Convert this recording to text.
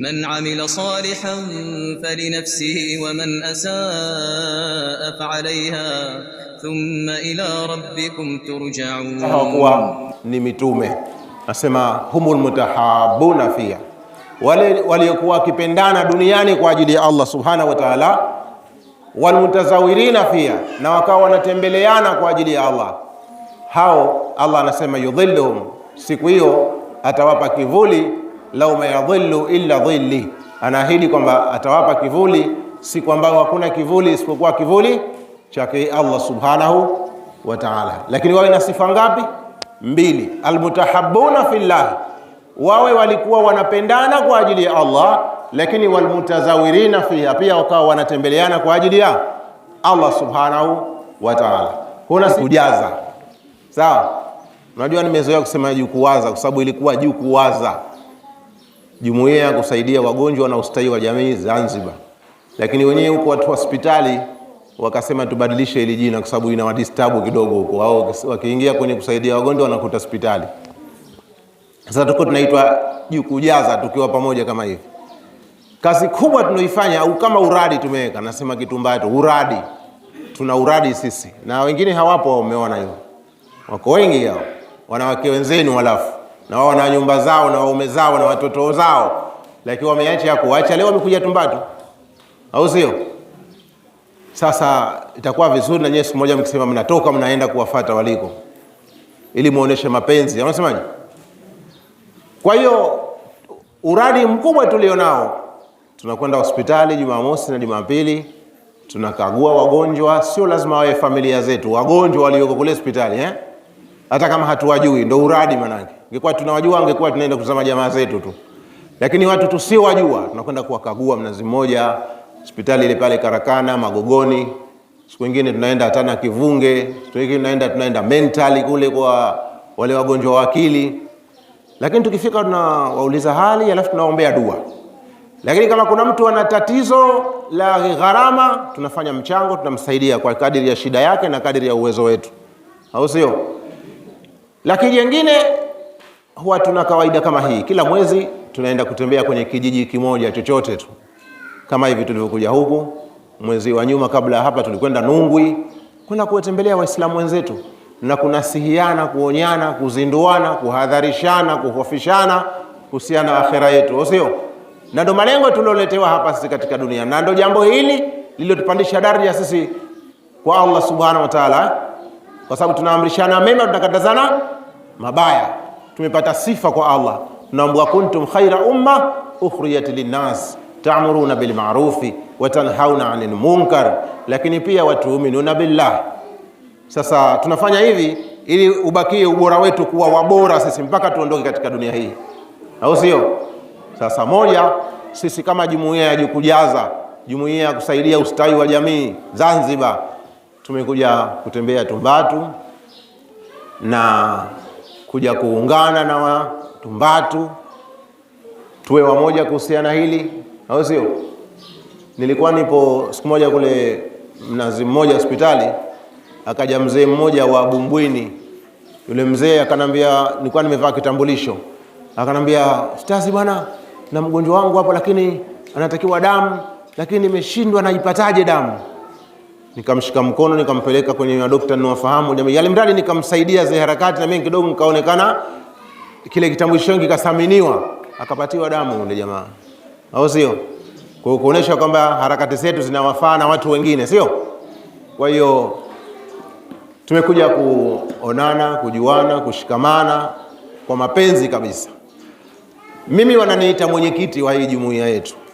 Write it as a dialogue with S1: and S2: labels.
S1: من عمل صالحا فلنفسه ومن أساء فعليها thumma ila rabbikum turjaun.
S2: Hawakuwa ni mitume, nasema humul mutahabuna fiha, wale waliokuwa wakipendana duniani kwa ajili ya Allah subhanahu wa ta'ala, walmutazawirina fiha, na wakawa wanatembeleana kwa ajili ya Allah. Hao Allah anasema yudhilluhum, siku hiyo atawapa kivuli lauma yadhillu illa dhilli, anaahidi kwamba atawapa kivuli siku ambayo hakuna kivuli isipokuwa kivuli chake Allah subhanahu wa ta'ala. Lakini wawe na sifa ngapi? Mbili. Almutahabbuna fillah, wawe walikuwa wanapendana kwa ajili ya Allah, lakini walmutazawirina fiha, pia wakawa wanatembeleana kwa ajili ya Allah subhanahu wa ta'ala. Kuna kujaza sawa. Unajua, nimezoea kusema juu kuwaza, kwa sababu ilikuwa juu kuwaza jumuiya ya kusaidia wagonjwa na ustawi wa jamii Zanzibar, lakini wenyewe huko watu hospitali wakasema tubadilishe hili jina kwa sababu inawadistabu kidogo huko, wao wakiingia kwenye kusaidia wagonjwa wanakuta hospitali. Sasa tuko tunaitwa Jukujaza tukiwa pamoja kama hivi. Kazi kubwa tunaoifanya au kama uradi tumeweka, nasema kitu mbaya tu, uradi. Tuna uradi sisi na wengine hawapo, wameona hiyo wako wengi hao wanawake wenzenu, halafu na wao na nyumba zao na waume zao na watoto zao, lakini wameacha kuacha. Leo wamekuja Tumbatu, au sio? Sasa itakuwa vizuri na nyinyi siku moja mkisema mnatoka mnaenda kuwafata waliko, ili muoneshe mapenzi. Unasemaje? Kwa hiyo uradi mkubwa tulionao, tunakwenda hospitali Jumamosi na Jumapili, tunakagua wagonjwa. Sio lazima wawe familia zetu, wagonjwa walioko kule hospitali eh? hata kama hatuwajui, ndo uradi manake. Ingekuwa tunawajua angekuwa tunaenda kuzama jamaa zetu tu, lakini watu tusiowajua tunakwenda kuwakagua. Mnazi mmoja, hospitali ile pale Karakana, Magogoni, siku nyingine tunaenda hatana Kivunge, siku nyingine tunaenda tunaenda mentali kule kwa wale wagonjwa wa akili, lakini tukifika tunawauliza hali, alafu tunaombea dua. Lakini kama kuna mtu ana tatizo la gharama, tunafanya mchango, tunamsaidia kwa kadiri ya shida yake na kadiri ya uwezo wetu, au sio? Lakini jengine huwa tuna kawaida kama hii, kila mwezi tunaenda kutembea kwenye kijiji kimoja chochote tu, kama hivi tulivyokuja huku mwezi wa nyuma. Kabla hapa, tulikwenda Nungwi kwenda kuwatembelea Waislamu wenzetu na kunasihiana, kuonyana, kuzinduana, kuhadharishana, kuhofishana kuhusiana na akhera yetu, sio? Na ndo malengo tulioletewa hapa sisi katika dunia, na ndo jambo hili lililotupandisha daraja sisi kwa Allah subhanahu wa ta'ala kwa sababu tunaamrishana mema, tunakatazana mabaya. Tumepata sifa kwa Allah, tunaambua kuntum khaira umma ukhrijat linnas ta'muruna bil ma'rufi wa tanhauna 'anil munkar, lakini pia watuminuna billah. Sasa tunafanya hivi ili ubakie ubora wetu kuwa wabora sisi mpaka tuondoke katika dunia hii, au sio? Sasa moja, sisi kama jumuiya ya kujaza jumuiya ya kusaidia ustawi wa jamii Zanzibar tumekuja kutembea Tumbatu na kuja kuungana na wa tumbatu tuwe wamoja kuhusiana hili, au sio? Nilikuwa nipo siku moja kule Mnazi Mmoja hospitali, akaja mzee mmoja wa Bumbwini. Yule mzee akanambia, nilikuwa nimevaa kitambulisho, akanambia Stazi bwana, na mgonjwa wangu hapo, lakini anatakiwa damu, lakini nimeshindwa, naipataje damu? nikamshika mkono nikampeleka kwenye madokta ninawafahamu jamii, yale mradi nikamsaidia zile harakati, na mimi kidogo nikaonekana kile kitambulisho changu akapatiwa damu yule jamaa, au sio? Kwa kuonesha kwamba harakati zetu zinawafaa na watu wengine, sio? Kwa hiyo tumekuja kuonana, kujuana, kushikamana kwa mapenzi kabisa. Mimi wananiita mwenyekiti wa hii jumuiya yetu